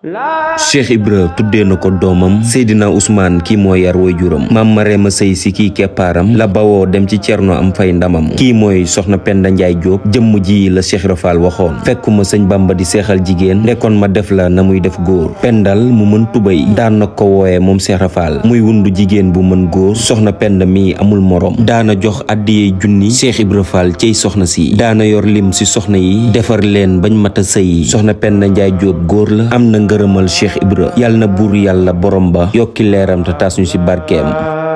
Cheikh Ibra tuddee na ko doomam Seydina Ousmane kii mooy yar woy juram maam Marema sëy si kii keppaaram la bawoo dem ci noo am fay ndamam kii mooy soxna Penda Njaay Jóob jëmm ji la Cheikh Rafal waxoon fekkuma sëñ Bamba di seexal jigéen nekkoon ma def la na muy def góor pendal mu mën tubay daan ko wooyee moom Cheikh Rafal muy wundu jigéen bu mën góor soxna Penda mi amul morom daana jox addiyey junni Cheikh Ibra Fall cey soxna si daana yor lim si soxna yi defar leen bañ mat a sëy soxna Penda Njaay Jóob góor la am na gërëmal Cheikh Ibra yàlla na buur yàlla borom ba yokki leeram te tas ñu ci barkeem